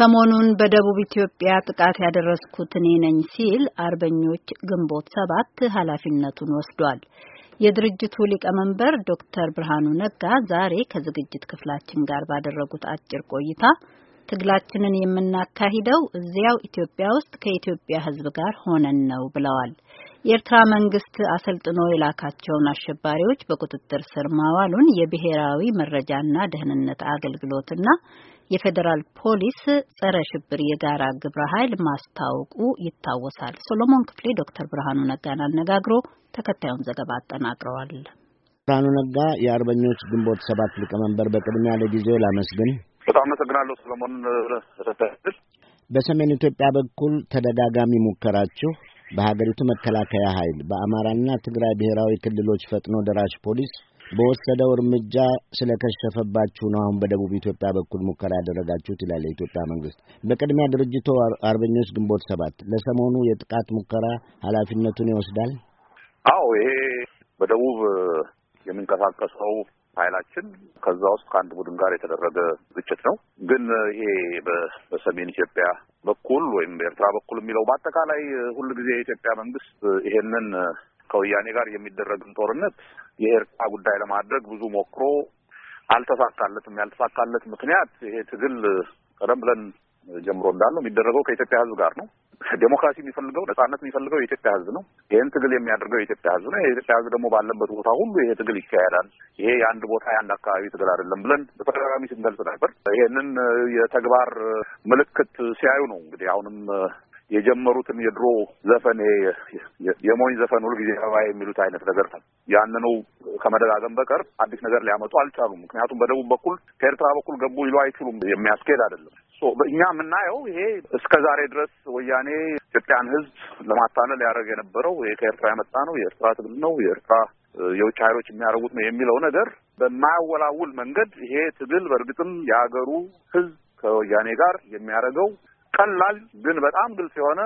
ሰሞኑን በደቡብ ኢትዮጵያ ጥቃት ያደረስኩት እኔ ነኝ ሲል አርበኞች ግንቦት ሰባት ኃላፊነቱን ወስዷል። የድርጅቱ ሊቀመንበር ዶክተር ብርሃኑ ነጋ ዛሬ ከዝግጅት ክፍላችን ጋር ባደረጉት አጭር ቆይታ ትግላችንን የምናካሂደው እዚያው ኢትዮጵያ ውስጥ ከኢትዮጵያ ሕዝብ ጋር ሆነን ነው ብለዋል። የኤርትራ መንግስት አሰልጥኖ የላካቸውን አሸባሪዎች በቁጥጥር ስር ማዋሉን የብሔራዊ መረጃና ደህንነት አገልግሎትና የፌዴራል ፖሊስ ጸረ ሽብር የጋራ ግብረ ኃይል ማስታወቁ ይታወሳል። ሶሎሞን ክፍሌ ዶክተር ብርሃኑ ነጋን አነጋግሮ ተከታዩን ዘገባ አጠናቅረዋል። ብርሃኑ ነጋ የአርበኞች ግንቦት ሰባት ሊቀመንበር፣ በቅድሚያ ለጊዜው ላመስግን። በጣም አመሰግናለሁ ሰለሞን። በሰሜን ኢትዮጵያ በኩል ተደጋጋሚ ሙከራችሁ በሀገሪቱ መከላከያ ኃይል በአማራና ትግራይ ብሔራዊ ክልሎች ፈጥኖ ደራሽ ፖሊስ በወሰደው እርምጃ ስለከሸፈባችሁ ነው አሁን በደቡብ ኢትዮጵያ በኩል ሙከራ ያደረጋችሁት ይላል የኢትዮጵያ መንግስት። በቅድሚያ ድርጅቱ አርበኞች ግንቦት ሰባት ለሰሞኑ የጥቃት ሙከራ ኃላፊነቱን ይወስዳል? አዎ ይሄ በደቡብ የሚንቀሳቀሰው ኃይላችን ከዛ ውስጥ ከአንድ ቡድን ጋር የተደረገ ግጭት ነው። ግን ይሄ በሰሜን ኢትዮጵያ በኩል ወይም በኤርትራ በኩል የሚለው በአጠቃላይ ሁልጊዜ የኢትዮጵያ መንግስት ይሄንን ከወያኔ ጋር የሚደረግን ጦርነት የኤርትራ ጉዳይ ለማድረግ ብዙ ሞክሮ አልተሳካለትም። ያልተሳካለት ምክንያት ይሄ ትግል ቀደም ብለን ጀምሮ እንዳለው የሚደረገው ከኢትዮጵያ ሕዝብ ጋር ነው። ዴሞክራሲ የሚፈልገው ነጻነት የሚፈልገው የኢትዮጵያ ህዝብ ነው። ይህን ትግል የሚያደርገው የኢትዮጵያ ህዝብ ነው። የኢትዮጵያ ህዝብ ደግሞ ባለበት ቦታ ሁሉ ይሄ ትግል ይካሄዳል። ይሄ የአንድ ቦታ የአንድ አካባቢ ትግል አይደለም ብለን በተደጋጋሚ ስንገልጽ ነበር። ይህንን የተግባር ምልክት ሲያዩ ነው እንግዲህ አሁንም የጀመሩትን የድሮ ዘፈን የሞኝ ዘፈን ሁልጊዜ ሰባ የሚሉት አይነት ነገር ነው። ያንኑ ከመደጋገም በቀር አዲስ ነገር ሊያመጡ አልቻሉም። ምክንያቱም በደቡብ በኩል ከኤርትራ በኩል ገቡ ይሉ አይችሉም። የሚያስኬድ አይደለም። እኛ የምናየው ይሄ እስከ ዛሬ ድረስ ወያኔ ኢትዮጵያን ህዝብ ለማታለል ያደረገ የነበረው ይሄ ከኤርትራ የመጣ ነው፣ የኤርትራ ትግል ነው፣ የኤርትራ የውጭ ኃይሎች የሚያደርጉት ነው የሚለው ነገር በማያወላውል መንገድ ይሄ ትግል በእርግጥም የሀገሩ ህዝብ ከወያኔ ጋር የሚያደርገው ቀላል ግን በጣም ግልጽ የሆነ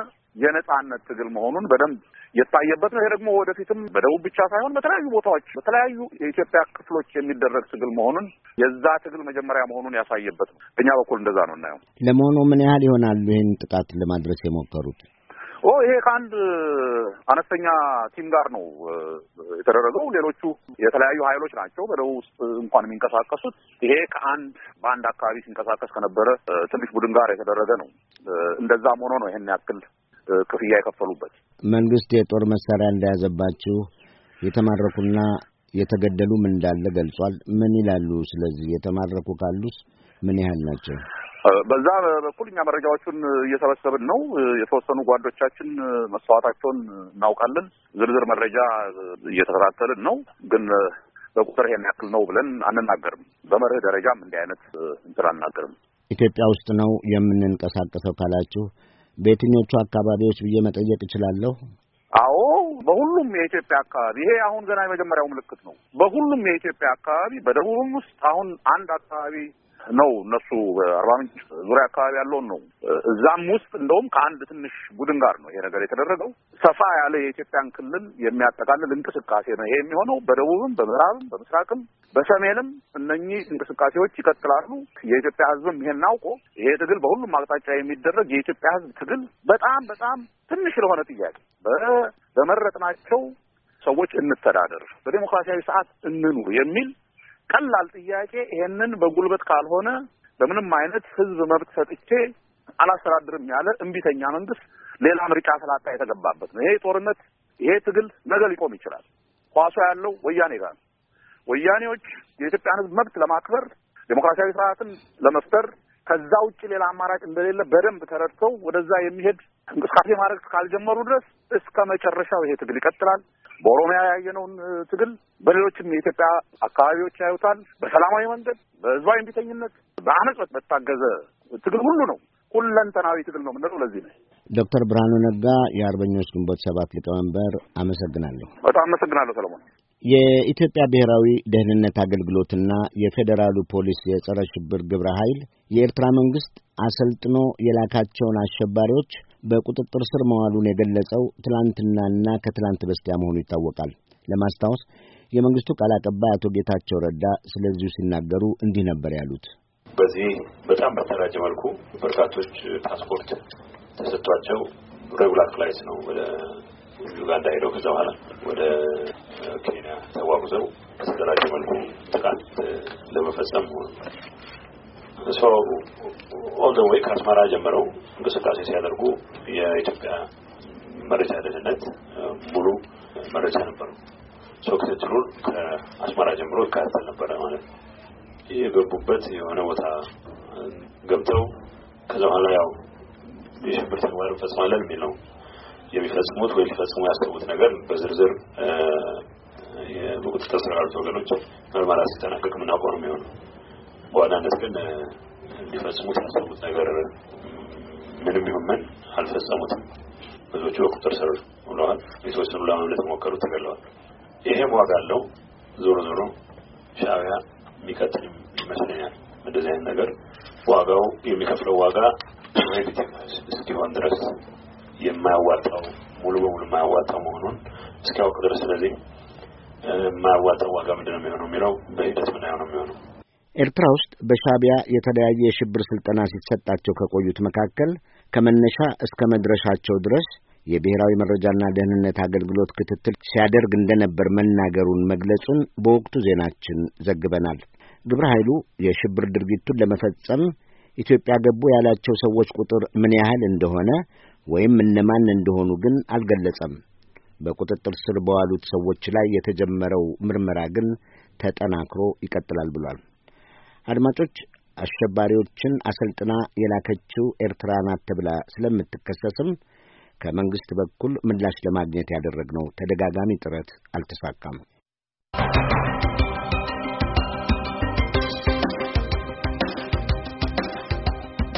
የነጻነት ትግል መሆኑን በደንብ የታየበት ነው። ይሄ ደግሞ ወደፊትም በደቡብ ብቻ ሳይሆን በተለያዩ ቦታዎች በተለያዩ የኢትዮጵያ ክፍሎች የሚደረግ ትግል መሆኑን የዛ ትግል መጀመሪያ መሆኑን ያሳየበት ነው። እኛ በኩል እንደዛ ነው እናየው። ለመሆኑ ምን ያህል ይሆናሉ ይህን ጥቃት ለማድረስ የሞከሩት? ኦ ይሄ ከአንድ አነስተኛ ቲም ጋር ነው የተደረገው። ሌሎቹ የተለያዩ ኃይሎች ናቸው በደቡብ ውስጥ እንኳን የሚንቀሳቀሱት። ይሄ ከአንድ በአንድ አካባቢ ሲንቀሳቀስ ከነበረ ትንሽ ቡድን ጋር የተደረገ ነው። እንደዛም ሆኖ ነው ይሄን ያክል ክፍያ የከፈሉበት መንግስት የጦር መሳሪያ እንደያዘባችሁ የተማረኩና የተገደሉም እንዳለ ገልጿል። ምን ይላሉ? ስለዚህ የተማረኩ ካሉስ ምን ያህል ናቸው? በዛ በኩል እኛ መረጃዎቹን እየሰበሰብን ነው። የተወሰኑ ጓዶቻችን መስዋዕታቸውን እናውቃለን። ዝርዝር መረጃ እየተከታተልን ነው ግን በቁጥር ይሄን ያክል ነው ብለን አንናገርም። በመርህ ደረጃም እንዲህ አይነት እንትን አናገርም። ኢትዮጵያ ውስጥ ነው የምንንቀሳቀሰው ካላችሁ በየትኞቹ አካባቢዎች ብዬ መጠየቅ እችላለሁ? አዎ በሁሉም የኢትዮጵያ አካባቢ ይሄ አሁን ገና የመጀመሪያው ምልክት ነው። በሁሉም የኢትዮጵያ አካባቢ በደቡብም ውስጥ አሁን አንድ አካባቢ ነው እነሱ አርባ ምንጭ ዙሪያ አካባቢ ያለውን ነው። እዛም ውስጥ እንደውም ከአንድ ትንሽ ቡድን ጋር ነው ይሄ ነገር የተደረገው። ሰፋ ያለ የኢትዮጵያን ክልል የሚያጠቃልል እንቅስቃሴ ነው ይሄ የሚሆነው። በደቡብም፣ በምዕራብም፣ በምስራቅም በሰሜንም እነኚህ እንቅስቃሴዎች ይቀጥላሉ። የኢትዮጵያ ሕዝብም ይሄን አውቆ ይሄ ትግል በሁሉም አቅጣጫ የሚደረግ የኢትዮጵያ ሕዝብ ትግል በጣም በጣም ትንሽ ለሆነ ጥያቄ በመረጥናቸው ሰዎች እንተዳደር፣ በዴሞክራሲያዊ ስርዓት እንኑር የሚል ቀላል ጥያቄ ይሄንን በጉልበት ካልሆነ በምንም አይነት ህዝብ መብት ሰጥቼ አላስተዳድርም ያለ እምቢተኛ መንግስት ሌላ ምርጫ ስላጣ የተገባበት ነው። ይሄ ጦርነት፣ ይሄ ትግል ነገ ሊቆም ይችላል። ኳሷ ያለው ወያኔ ጋር። ወያኔዎች የኢትዮጵያን ህዝብ መብት ለማክበር ዴሞክራሲያዊ ስርዓትን ለመፍጠር ከዛ ውጭ ሌላ አማራጭ እንደሌለ በደንብ ተረድተው ወደዛ የሚሄድ እንቅስቃሴ ማድረግ እስካልጀመሩ ድረስ እስከ መጨረሻው ይሄ ትግል ይቀጥላል። በኦሮሚያ ያየነውን ትግል በሌሎችም የኢትዮጵያ አካባቢዎች ያዩታል። በሰላማዊ መንገድ፣ በህዝባዊ እምቢተኝነት፣ በአመፅ በታገዘ ትግል ሁሉ ነው። ሁለንተናዊ ትግል ነው የምንለው ለዚህ ነው። ዶክተር ብርሃኑ ነጋ የአርበኞች ግንቦት ሰባት ሊቀመንበር፣ አመሰግናለሁ። በጣም አመሰግናለሁ ሰለሞን። የኢትዮጵያ ብሔራዊ ደህንነት አገልግሎትና የፌዴራሉ ፖሊስ የጸረ ሽብር ግብረ ኃይል የኤርትራ መንግስት አሰልጥኖ የላካቸውን አሸባሪዎች በቁጥጥር ስር መዋሉን የገለጸው ትላንትናና ከትላንት በስቲያ መሆኑ ይታወቃል። ለማስታወስ የመንግስቱ ቃል አቀባይ አቶ ጌታቸው ረዳ ስለዚሁ ሲናገሩ እንዲህ ነበር ያሉት። በዚህ በጣም በተደራጀ መልኩ በርካቶች ፓስፖርት ተሰጥቷቸው ሬጉላር ፍላይት ነው ወደ ዩጋንዳ ሄደው ከዛ በኋላ ወደ ኬንያ ተጓጉዘው በተደራጀ መልኩ ጥቃት ለመፈጸም ሰው ኦል ዘ ዌይ ከአስመራ ጀምረው እንቅስቃሴ ሲያደርጉ የኢትዮጵያ መረጃ ደህንነት ሙሉ መረጃ ነበሩ። ሰው ክትትሉን ከአስመራ ጀምሮ ይካተል ነበረ ማለት ነው። ይህ የገቡበት የሆነ ቦታ ገብተው ከዛ በኋላ ያው የሽብር ተግባር ፈጽማለን የሚል የሚፈጽሙት ወይ ሊፈጽሙ ያሰቡት ነገር በዝርዝር በቁጥጥር ስር ያሉት ወገኖች ምርመራ ሲጠናቀቅ ምናውቀው ነው የሚሆነው። በዋናነት ግን ሊፈጽሙት ያሰቡት ነገር ምንም ይሁን ምን አልፈጸሙትም። ብዙዎቹ በቁጥር ስር ውለዋል። የተወሰኑ ለማምለጥ ሞከሩ፣ ተገለዋል። ይሄም ዋጋ አለው። ዞሮ ዞሮ ሻዕቢያ የሚቀጥል ይመስለኛል። እንደዚህ አይነት ነገር ዋጋው የሚከፍለው ዋጋ እስኪሆን ድረስ የማያዋጣው ሙሉ በሙሉ የማያዋጣው መሆኑን እስኪያውቅ ድረስ ስለዚህ የማያዋጣው ዋጋ ምንድነው ነው የሚሆነው የሚለው በሂደት ምን ነው የሚሆነው ኤርትራ ውስጥ በሻቢያ የተለያየ የሽብር ሥልጠና ሲሰጣቸው ከቆዩት መካከል ከመነሻ እስከ መድረሻቸው ድረስ የብሔራዊ መረጃና ደህንነት አገልግሎት ክትትል ሲያደርግ እንደነበር መናገሩን መግለጹን በወቅቱ ዜናችን ዘግበናል። ግብረ ኃይሉ የሽብር ድርጊቱን ለመፈጸም ኢትዮጵያ ገቡ ያላቸው ሰዎች ቁጥር ምን ያህል እንደሆነ ወይም እነማን እንደሆኑ ግን አልገለጸም። በቁጥጥር ስር በዋሉት ሰዎች ላይ የተጀመረው ምርመራ ግን ተጠናክሮ ይቀጥላል ብሏል። አድማጮች፣ አሸባሪዎችን አሰልጥና የላከችው ኤርትራ ናት ተብላ ስለምትከሰስም ከመንግስት በኩል ምላሽ ለማግኘት ያደረግነው ተደጋጋሚ ጥረት አልተሳካም።